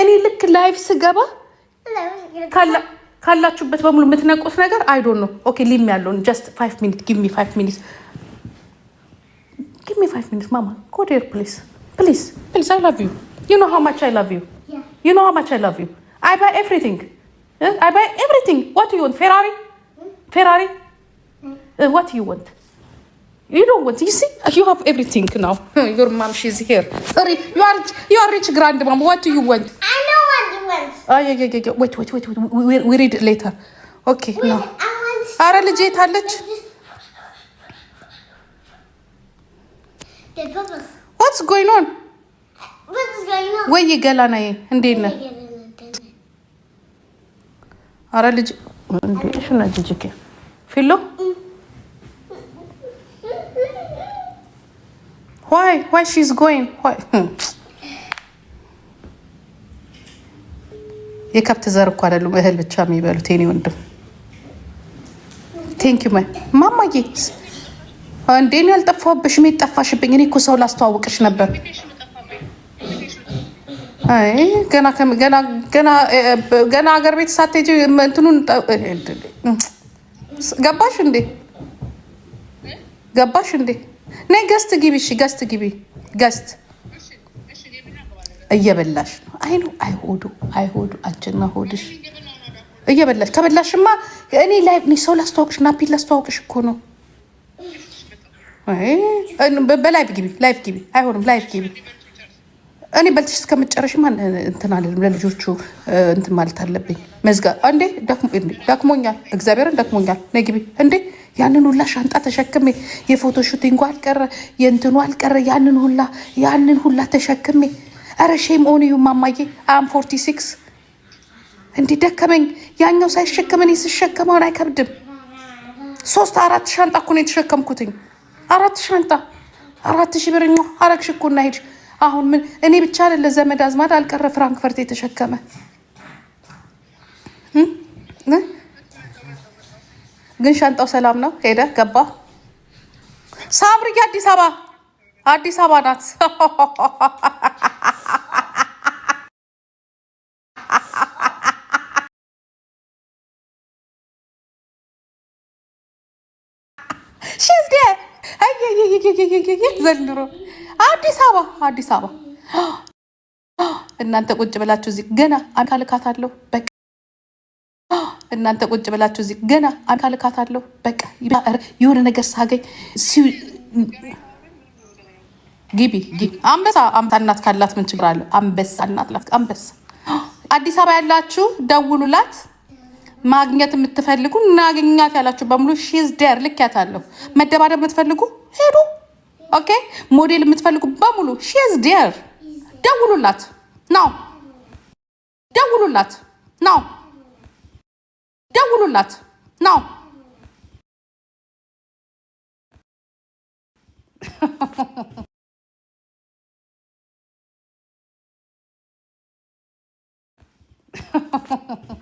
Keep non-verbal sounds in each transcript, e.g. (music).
እኔ ልክ ላይፍ ስገባ ካላችሁበት በሙሉ የምትነቁት ነገር አይዶን ነው። ኦኬ ሊም ያለውን ጀስት ፋይቭ ሚኒት ጊሚ ፋይቭ ሚኒት ጊሚ ፋይቭ ሚኒት ማማ ጎዴር ፕሊዝ ፕሊዝ ፕሊዝ አይ ላቭ ዩ ዩ ኖ ሃው ማች አይ ላቭ ዩ ዩ ኖ ሃው ማች አይ ላቭ ዩ አይ ባይ ኤቭሪቲንግ አይ ባይ ኤቭሪቲንግ ዋት ዩ ወንት ፌራሪ ፌራሪ ዋት ዩ ወንት ዩ ዶንት ዋንት ዩ ዩ ሃቭ ኤቭሪቲንግ ናው ዩር ማም ሺ ኢዝ ሂር ዩ አር ሪች ግራንድ ማም ዋት ዩ ዋንት ዊ ሪድ ሌተር ኦኬ ና አረ ልጄ የታለች ዋትስ ጎይን ኦን ወይ ገላናዬ እንዴት ነህ አረ ልጅ ፊሎ Why? Why she's going? Why? የከብት ዘር እኮ አይደሉም እህል ብቻ የሚበሉት የኔ ወንድም። ቴንክ ዩ ማማዬ። እንዴ እኔ አልጠፋሁብሽም። የት ጠፋሽብኝ? እኔ እኮ ሰው ላስተዋውቅሽ ነበር። ገና ሀገር ቤት ሳትሄጂ እንትኑን ገባሽ እንዴ? ገባሽ እንዴ? ነይ ገስት ግቢ። እሺ ገስት ግቢ። ገስት እየበላሽ ነው። አይ ነው አይሆዱ አይሆዱ አንቺና ሆድሽ እየበላሽ ከበላሽማ እኔ ላይ ሰው ላስተዋውቅሽ ናፒ ላስተዋውቅሽ እኮ ነው። በላይፍ ግቢ፣ ላይፍ ግቢ። አይሆንም፣ ላይፍ ግቢ እኔ በልተሽ እስከምጨረሽ እንትን አለ ለልጆቹ እንትን ማለት አለብኝ። መዝጋ እንዴ ዳክሞኛል፣ እግዚአብሔርን ዳክሞኛል። ነግቢ እንዴ ያንን ሁላ ሻንጣ ተሸክሜ የፎቶ ሹቲንጉ አልቀረ የእንትኑ አልቀረ ያንን ሁላ ያንን ሁላ ተሸክሜ ኧረ ሼም ኦን ዩ ማማዬ አም ፎርቲ ሲክስ እንዲህ ደከመኝ። ያኛው ሳይሸከም እኔ ስሸከም አይከብድም። ሶስት አራት ሻንጣ እኮ ነው የተሸከምኩትኝ። አራት ሻንጣ አራት ሺ ብርኛ አረግሽ እኮ እና ሂድ አሁን ምን እኔ ብቻ አይደለ ዘመድ አዝማድ አልቀረ ፍራንክፈርት የተሸከመ ግን ሻንጣው ሰላም ነው። ሄደ ገባ። ሳምርዬ አዲስ አበባ አዲስ አበባ ናት። (laughs) ዘንድሮ አዲስ አበባ አዲስ አበባ እናንተ ቁጭ ብላችሁ እዚህ ገና አንካ ልካት አለሁ በቃ እናንተ ቁጭ ብላችሁ እዚህ ገና አንካ ልካት አለሁ በቃ የሆነ ነገር ሳገኝ ግቢ አንበሳ አንበሳ እናት ካላት ምን ችግር አለው? አንበሳ እናት ላት አንበሳ አዲስ አበባ ያላችሁ ደውሉላት። ማግኘት የምትፈልጉ እናገኛት ያላችሁ በሙሉ ሺዝ ደር አለሁ መደባደብ የምትፈልጉ ሄዱ። ኦኬ ሞዴል የምትፈልጉ በሙሉ ሺዝ ደር ደውሉላት ነው፣ ደውሉላት ነው፣ ደውሉላት ነው። (laughs)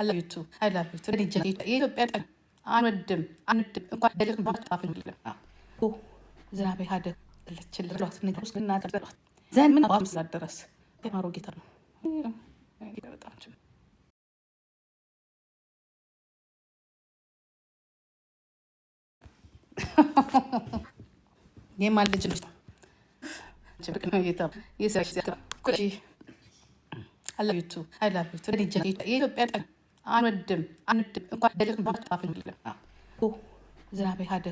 አላዩቱ አላዩቱ የኢትዮጵያ አንወድም አንድም እንኳን ደግ ባፍ ለም ዝናቤ ሀደ ለችልሏት ነገር ውስጥ እናጠርጠሯት ዘን ምን አባም ስላደረስ ማሮ ጌታ ነው የማን ልጅ ነው? የኢትዮጵያ አንወድም አንወድም እንኳን ደልቅ ባፍ ለም ዝናቤ ሀደ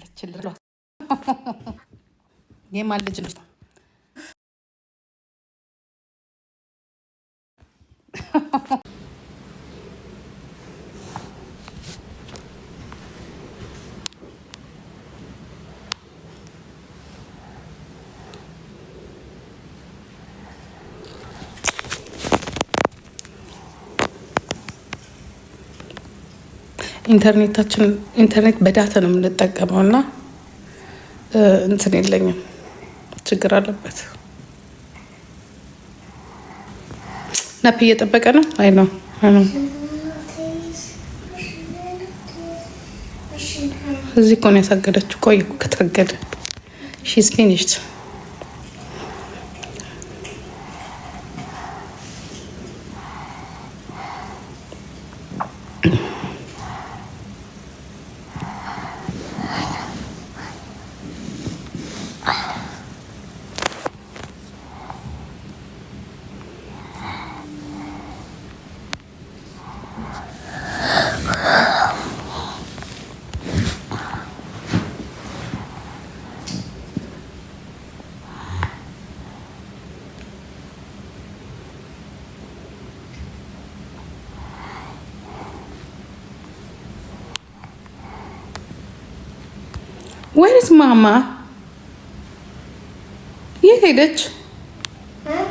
ለችል የማን ልጅ ነው ኢንተርኔታችን ኢንተርኔት በዳታ ነው የምንጠቀመው እና እንትን የለኝም፣ ችግር አለበት። ናፕ እየጠበቀ ነው። አይ ነው እዚህ እኮ ነው ያሳገደችው። ቆይ ከታገደ ሺዝ ፊኒሽድ where is mama? Yeah, Hiditch. Huh?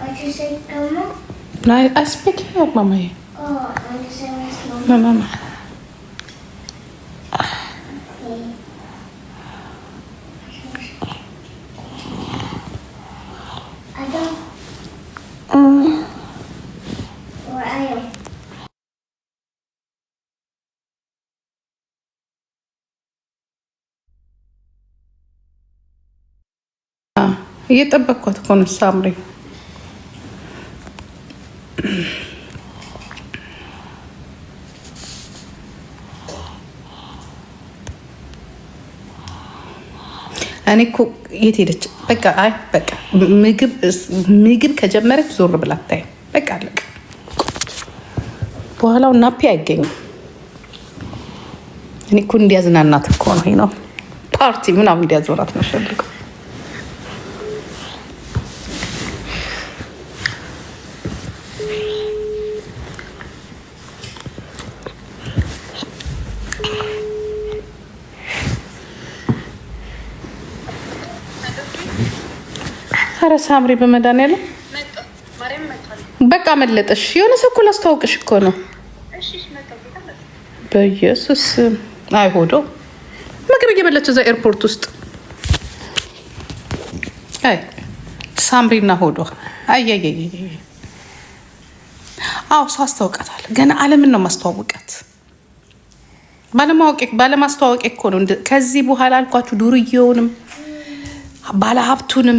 What you say, mama? No, I speak here, mama. Oh, I'm just mama. No, mama. I don't. Um. Where are you? እየጠበቅኳት እኮ ነው ሳምሪ። እኔ እኮ የት ሄደች? በቃ አይ በቃ ምግብ ምግብ ከጀመረች ዞር ብላ አታይም። በቃ አለቀ። በኋላው ናፒ አይገኝም። እኔ እኮ እንዲያዝናናት እኮ ነው ነው ፓርቲ ምናምን እንዲያዝናናት ነው እምፈልገው ሳምሪ በመድኃኒዓለም በቃ መለጠሽ። የሆነ ሰው እኮ ላስተዋውቅሽ እኮ ነው። በኢየሱስ አይሆዶ ምግብ እየበላች እዛ ኤርፖርት ውስጥ አይ ሳምሪና ሆዶ አያያያያ አዎ ሰው አስታውቃታል። ገና አለምን ነው ማስተዋወቃት። ባለማስተዋወቅ እኮ ነው። ከዚህ በኋላ አልኳችሁ ዱርዬውንም ባለሀብቱንም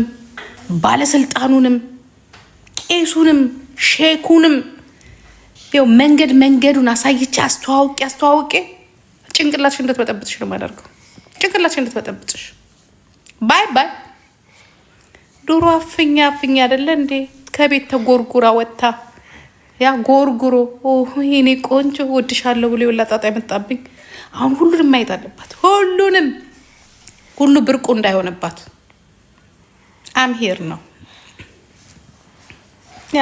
ባለስልጣኑንም ቄሱንም ሼኩንም ው መንገድ መንገዱን አሳይቼ አስተዋውቄ አስተዋውቄ ጭንቅላትሽ እንድትበጠብጥሽ ነው የማደርገው። ጭንቅላትሽ እንድትበጠብጥሽ ባይ ባይ። ዶሮ አፍኛ አፍኛ አይደለ እንዴ? ከቤት ተጎርጉራ ወጥታ ያ ጎርጉሮ የኔ ቆንጆ ወድሻለሁ ብሎ የወላ ጣጣ የመጣብኝ። አሁን ሁሉንም ማየት አለባት። ሁሉንም ሁሉ ብርቁ እንዳይሆንባት አም ሄር ነው ያ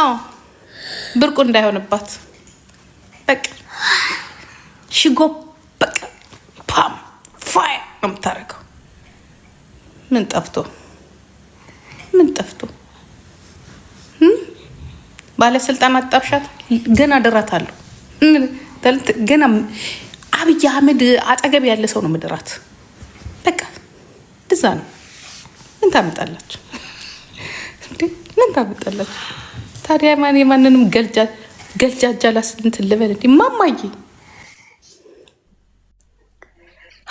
አዎ ብርቁ እንዳይሆንባት በቃ ሽጎ በቃ ፓም ፋይ ነው የምታደርገው። ምን ጠፍቶ ምን ጠፍቶ ባለስልጣናት ጣብሻት ገና ድራት አለሁ ገና አብይ አህመድ አጠገብ ያለ ሰው ነው ምድራት እንደዛ ነው። ምን ታመጣላችሁ? ምን ታመጣላችሁ? ታዲያ ማን የማንንም ገልጃጃ ላስንትን ልበል እንዲ ማማዬ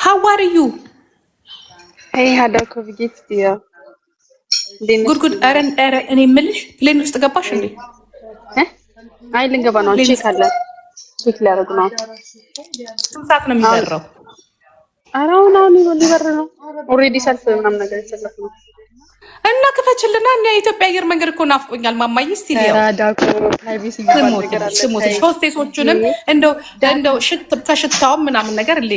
ሀዋርዩ ጉድጉድ ረን ረ እኔ የምልሽ ሌን ውስጥ ገባሽ እንዴ? አይ ልንገባ ነው። ቼክ አለ ቼክ ሊያደርጉ ነው። ስንት ሰዓት ነው የሚበረው? አራውን አሁን ሊበር ነው ኦልሬዲ ሰልፍ ምናምን ነገር የተሰለፍ ነው እና ክፈችልና እና የኢትዮጵያ አየር መንገድ እኮ ናፍቆኛል። ማማይ ስቲ ስቲሊያውሞት ሆስቴሶቹንም እንደው እንደው ሽት ተሽታውም ምናምን ነገር ል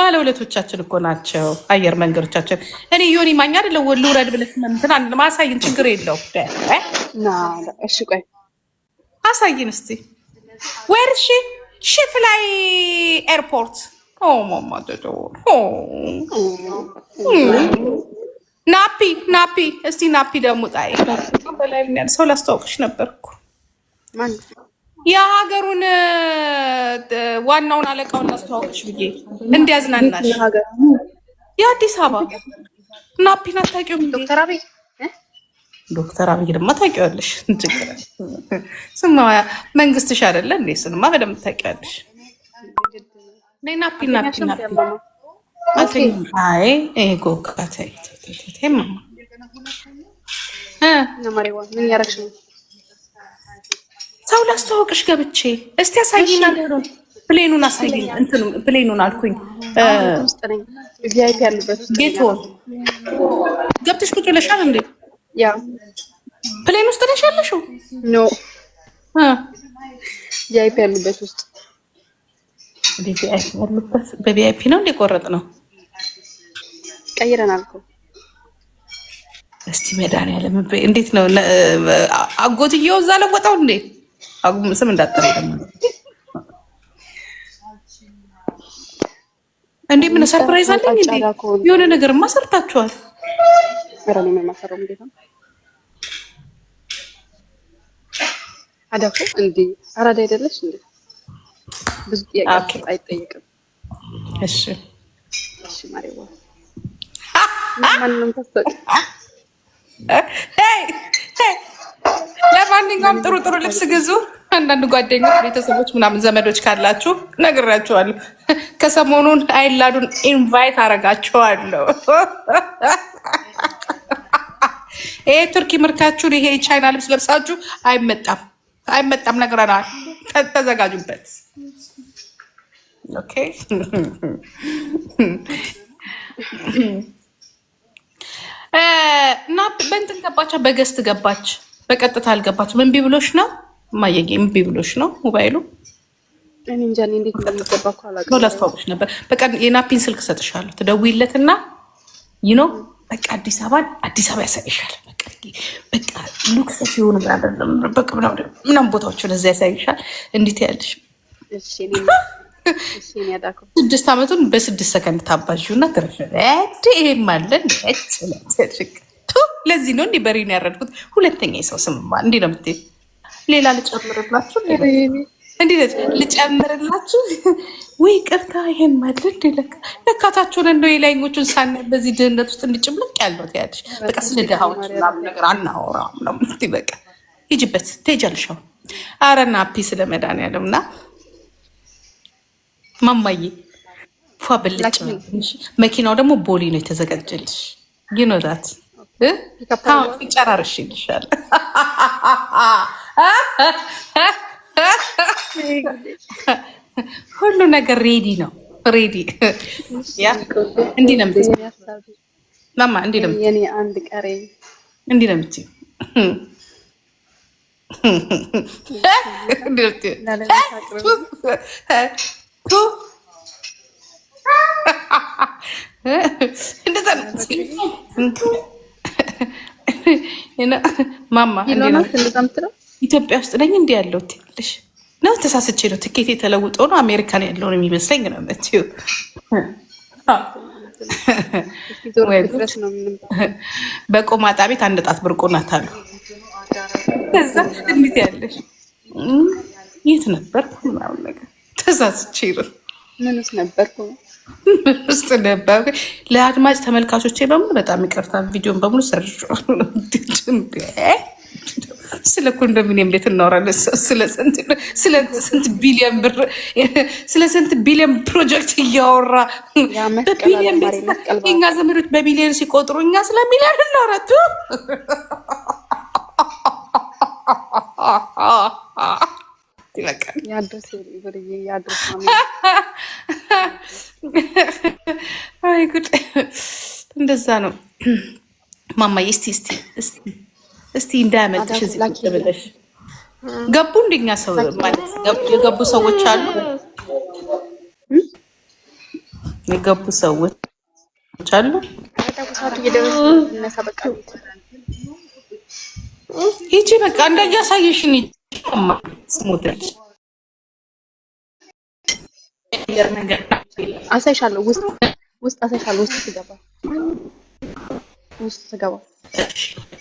ባለውለቶቻችን እኮ ናቸው አየር መንገዶቻችን። እኔ ዮኒ ማኛ አይደለም ልውረድ ብለህ እንትን ማሳይን ችግር የለው። እሺ ቆይ አሳይን እስቲ ዌር ሺ ሺ ፍላይ ኤርፖርት ናፒ ናፒ እስቲ ናፒ ደግሞ ጣይ በላይ ሰው ላስታወቅሽ ነበርኩ። የሀገሩን ዋናውን አለቃውን ላስተዋወቅሽ ብዬ እንዲያዝናናሽ የአዲስ አበባ ናፒ ናታቂው ዶክተር አብይ ዶክተር አብይ ድማ ታውቂዋለሽ። ስማ መንግስትሽ አይደለ እንዴ? ስንማ በደንብ ታውቂዋለሽ። ናፒ ናፒ ናፒ ሰው ላስተዋወቅሽ ገብቼ እስቲ አሳይና ፕሌኑን አሳይኝ። ፕሌኑን አልኩኝ ጌትሆን ገብተሽ ቁጭ ብለሻል እንዴ? ያ ፕሌን ውስጥ ነሽ ያለሽው? ኖ ቪአይፒ ያሉበት ውስጥ ቪአይፒ ያሉበት በቪአይፒ ነው እንደ ቆረጥ ነው ቀይረን አልኩ። እስቲ መድኃኒዓለም እንዴት ነው አጎትየው እዛ ለወጣው እንዴ? ስም እንዳጠረ ደግሞ እንዴ ምን ሰርፕራይዝ አለኝ እንዴ? የሆነ ነገርማ ሰርታችኋል። ኧረ ነው ምንም እንዴት ነው አዳፉ እንዴ አራዳ አይደለሽ እንዴ? ብዙ ጥያቄ አይጠየቅም። እሺ፣ እሺ ማሪዋ ማንንም ተሰጥ ለማንኛውም ጥሩ ጥሩ ልብስ ግዙ። አንዳንድ ጓደኞች፣ ቤተሰቦች ምናምን ዘመዶች ካላችሁ ነግራችኋለሁ። ከሰሞኑን አይላዱን ኢንቫይት አረጋችኋለሁ። ይሄ ቱርኪ ምርታችሁን ይሄ ቻይና ልብስ ለብሳችሁ አይመጣም፣ አይመጣም ነግረናል። ተዘጋጁበት። ኦኬ (laughs) እና በእንትን ገባች፣ በገስት ገባች፣ በቀጥታ አልገባች። እምቢ ብሎሽ ነው ማየጌ፣ እምቢ ብሎሽ ነው ሞባይሉ ላስተዋወቅሽ ነበር። በቃ የናፒን ስልክ ሰጥሻለሁ፣ እሰጥሻለሁ፣ ትደውይለትና ይኖ በቃ አዲስ አበባን አዲስ አበባ ያሳይሻል። በቃ ሉክሰስ የሆኑ ምናምን ቦታዎችን እዛ ያሳይሻል። እንዴት ያለሽ ስድስት ዓመቱን በስድስት ሰከንድ ታባዥ እና ትረፍ ይሄም አለን ለዚህ ነው እንዲህ በሬን ያረድኩት። ሁለተኛ የሰው ስምማ እንዲህ ነው የምትሄድ። ሌላ ልጨምርላችሁ እንዲህ ልጨምርላችሁ ወይ ቅርታ ይሄን ማድረግ ለካ ለካታቸውን እንደ የላይኞቹን ሳነ በዚህ ድህነት ውስጥ እንጭምልቅ ያለት ያለሽ በቃ ስለ ድሃዎች ነገር አናወራም ነው ምት በቃ ሂጂበት ትሄጃለሽ። አረና ፒ ስለ መድኃኒዓለም እና ማማዬ ፏ ብልጭ መኪናው ደግሞ ቦሊ ነው የተዘጋጀልሽ። ይኖራት ጨራርሽ ይልሻል። ሁሉ ነገር ሬዲ ነው። ሬዲ ያ እንዲህ ነው ማማ፣ እንዲህ ነው የኔ አንድ ቀሬ፣ እንዲህ ነው የምትይው። ማማ ኢትዮጵያ ውስጥ ነኝ እንዲህ ያለው ትልሽ ነው ተሳስቼ ነው ትኬት የተለውጦ ነው አሜሪካን ያለውን የሚመስለኝ ነው መት በቆማጣ ቤት አንድ ጣት ብርቆ ናት አሉ። ከዛ እንዴት ያለሽ የት ነበርኩ ምናምን ነገር ተሳስቼ ነው ምን ነበርኩ ውስጥ ነበር። ለአድማጭ ተመልካቾቼ በሙሉ በጣም ይቅርታ ቪዲዮን በሙሉ ሰርዤዋለሁ። ስለ ኮንዶሚኒየም ቤት እናወራለን። ስንት ቢሊዮን ብር ስለ ስንት ቢሊዮን ፕሮጀክት እያወራ በቢሊዮን ቤት እኛ ዘመዶች በቢሊዮን ሲቆጥሩ እኛ ስለ ሚሊዮን እናወራ። አይ ጉድ! እንደዛ ነው ማማዬ። እስቲ እስቲ እስቲ እስቲ እንዳያመልጥሽ እዚህ ቁጭ ብለሽ ገቡ። እንደኛ ሰው ማለት የገቡ ሰዎች አሉ፣ የገቡ ሰዎች አሉ። ይቺ በቃ እንዳያሳየሽን ስሞትች አሳይሻለሁ። ውስጥ ውስጥ አሳይሻለሁ። ውስጥ ስገባ ውስጥ ስገባ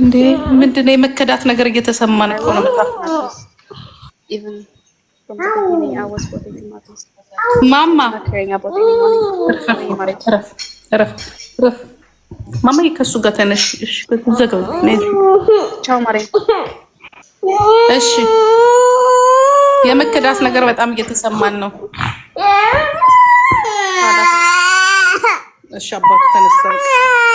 እንዴ ምንድን ነው የመከዳት ነገር እየተሰማን እኮ ነው። ማማ ማማ ከሱ ጋር ተነሽ። እሺ የመከዳት ነገር በጣም እየተሰማን ነው። እሺ አባቱ ተነሳ።